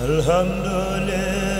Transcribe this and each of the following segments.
alhamdulillah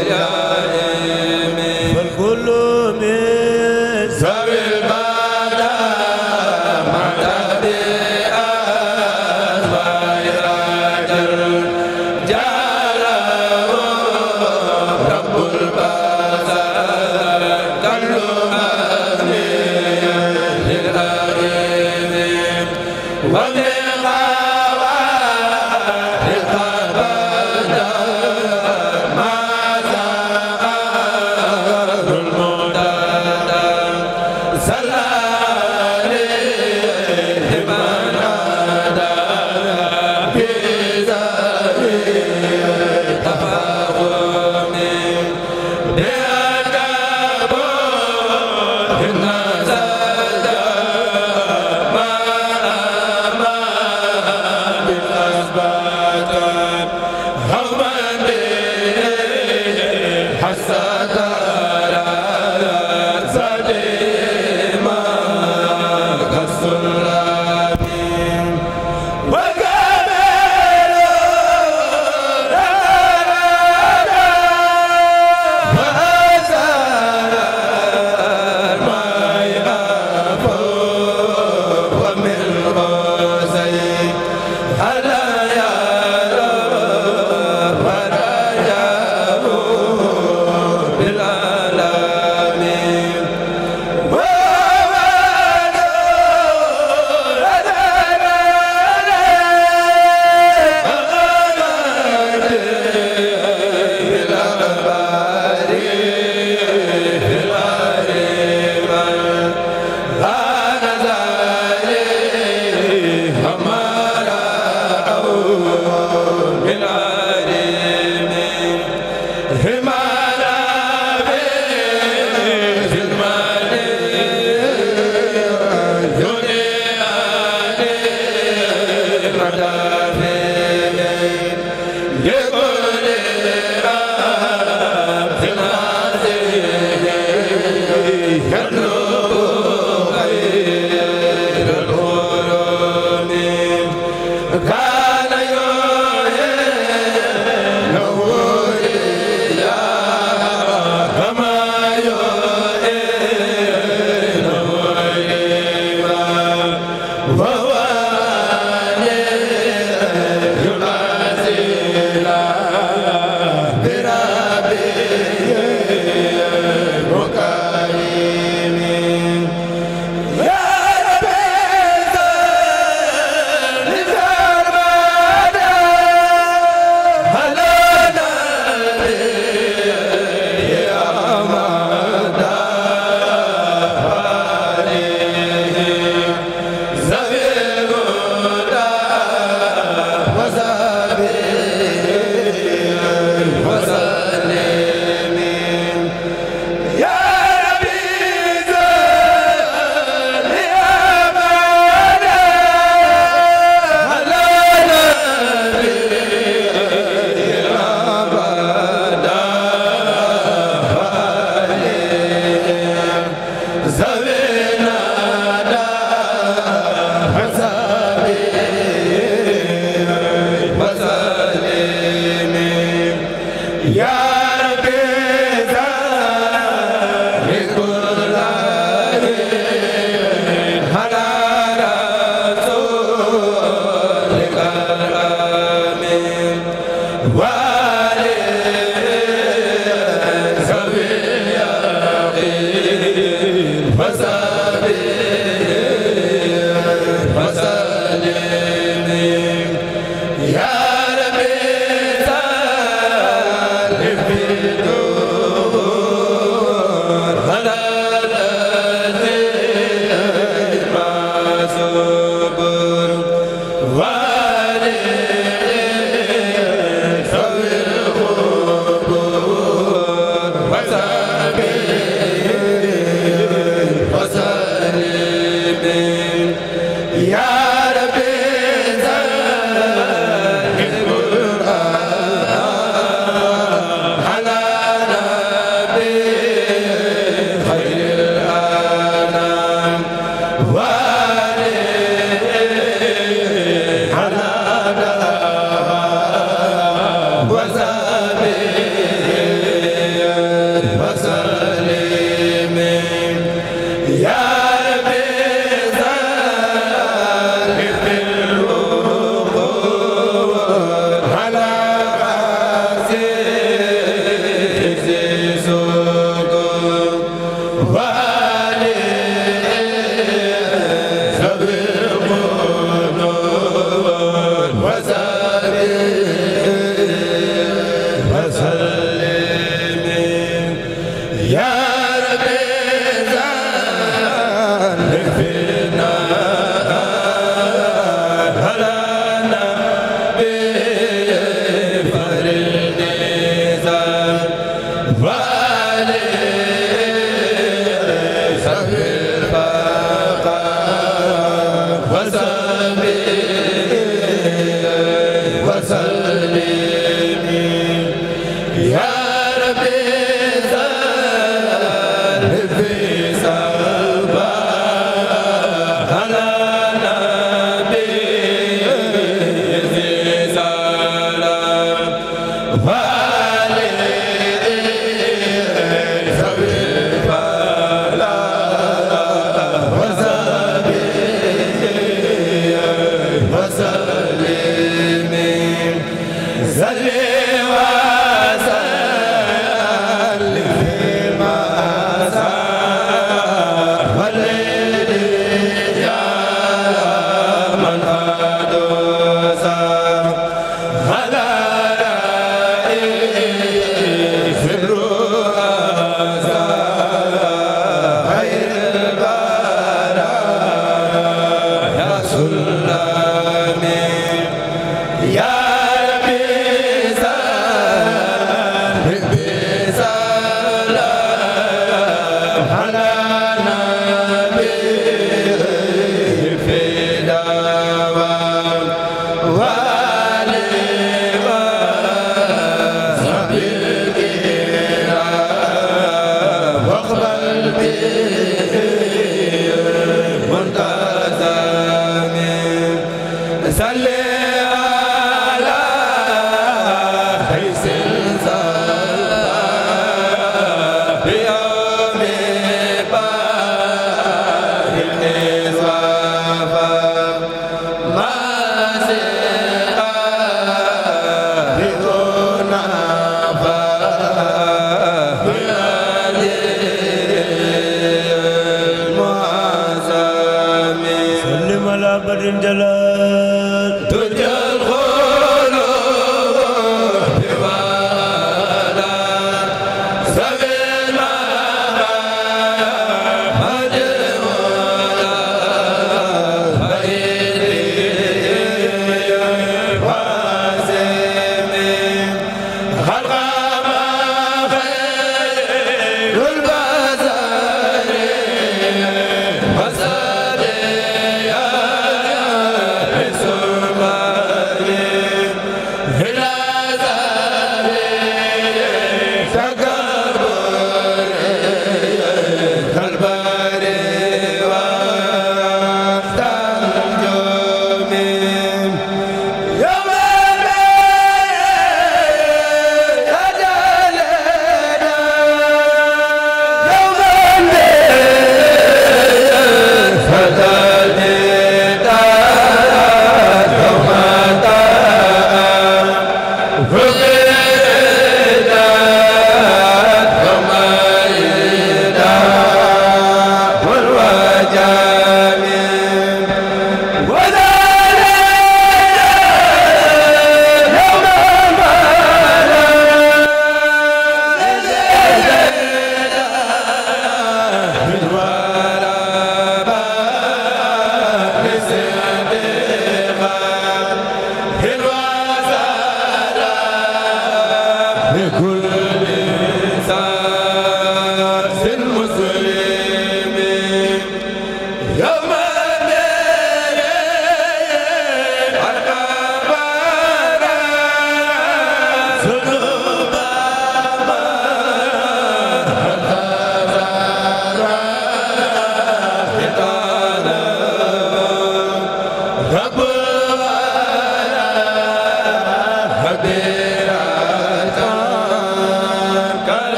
yaa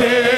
ave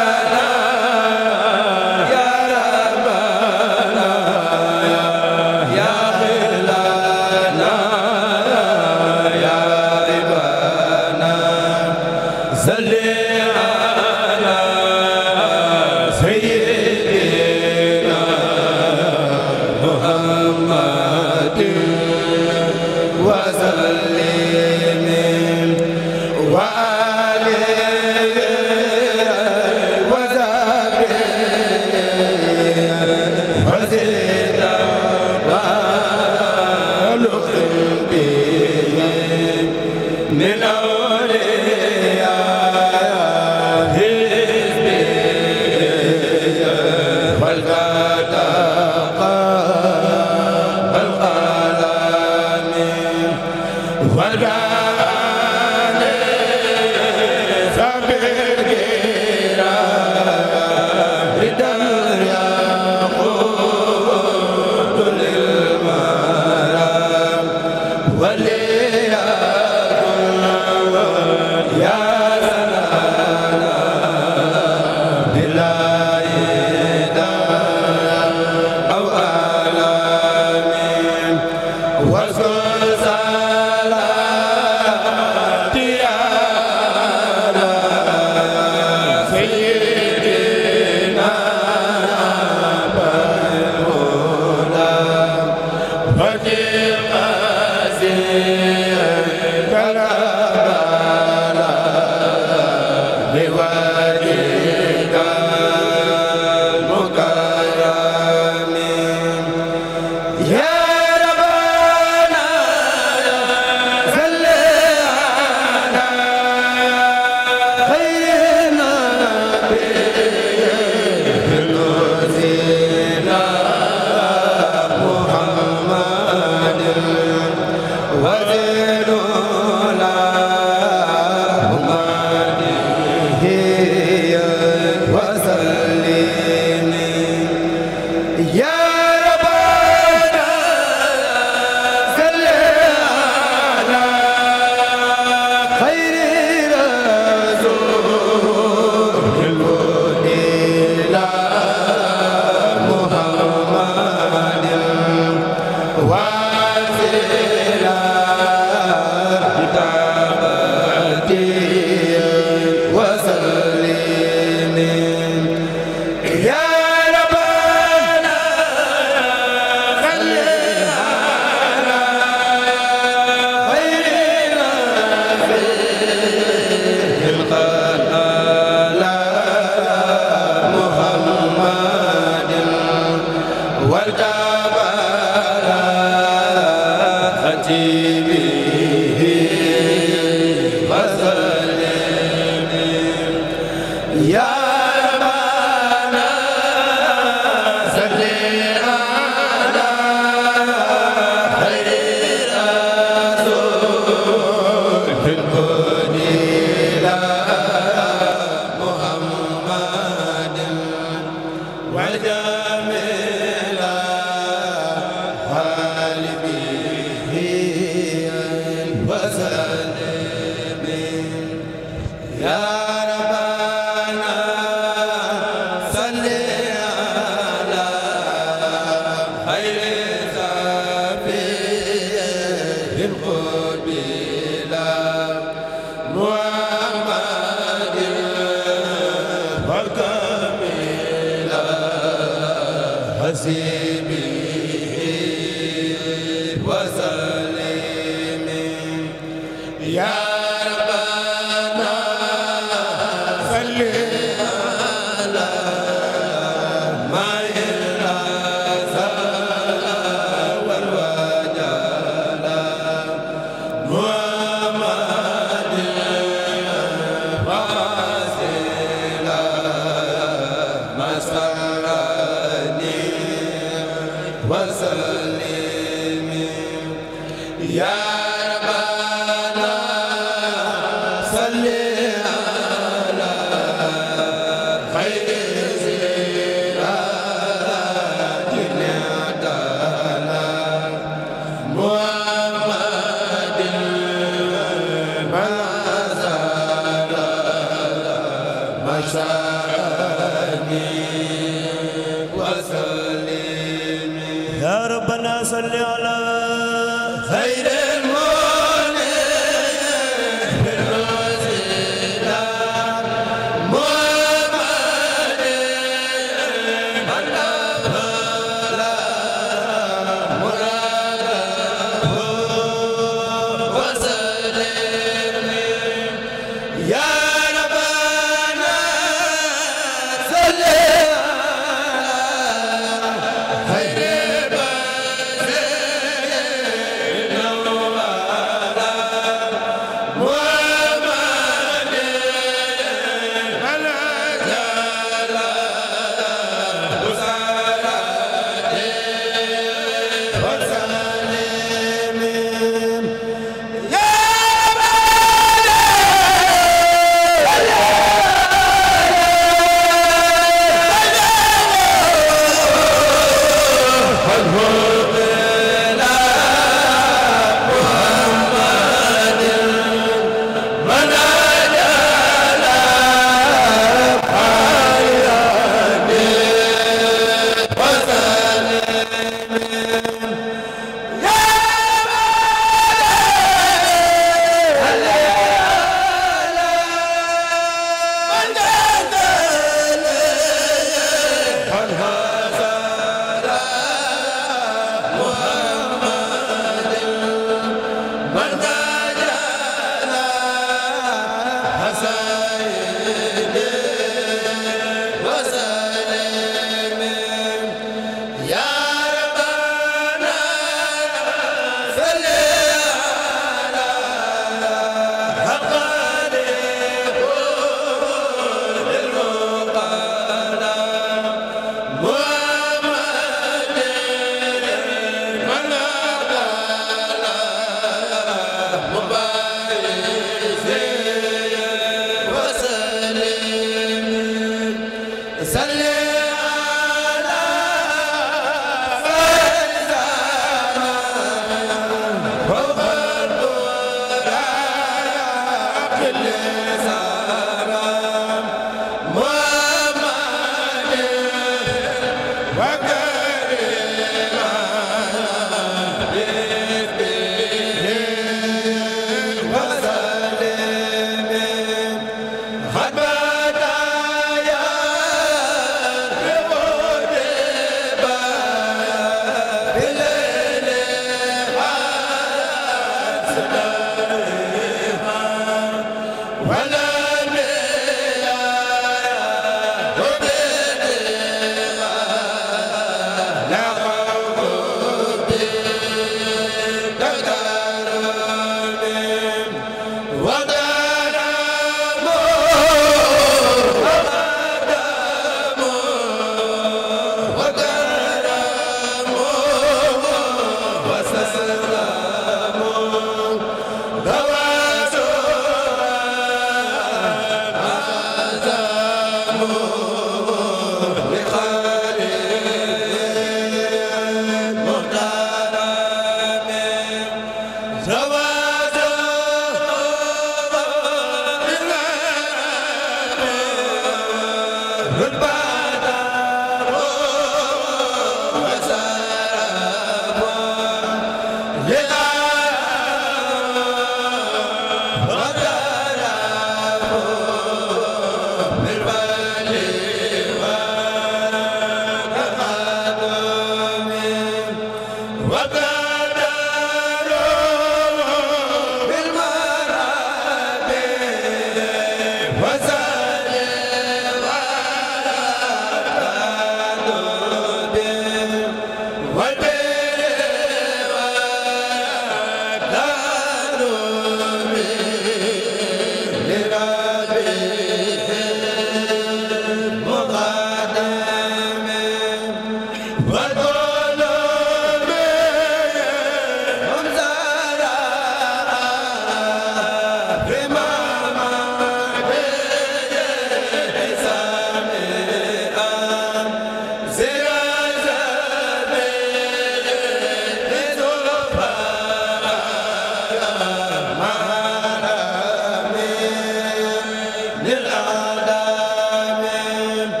للأعداء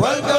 والكفر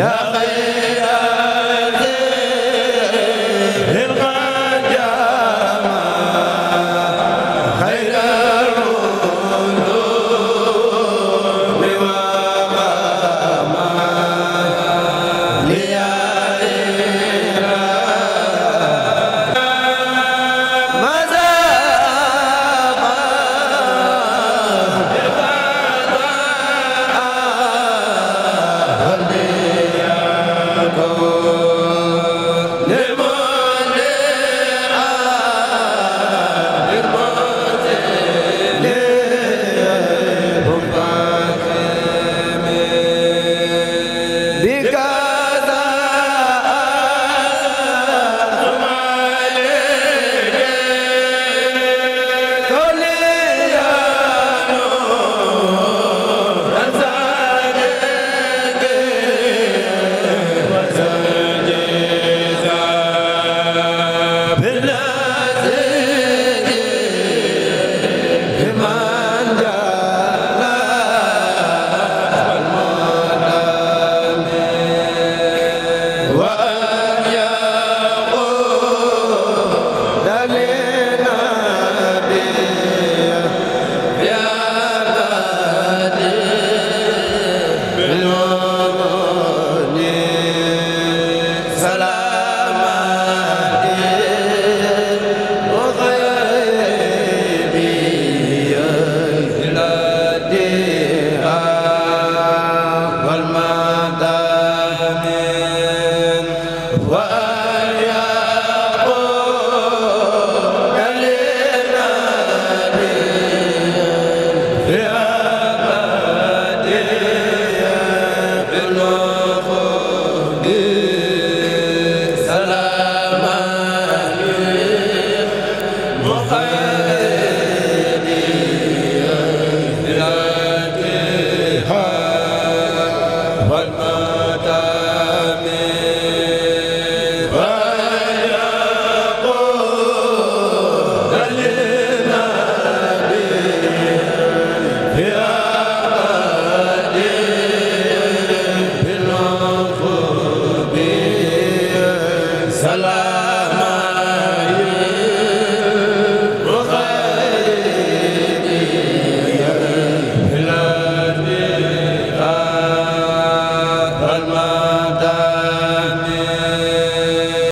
yaa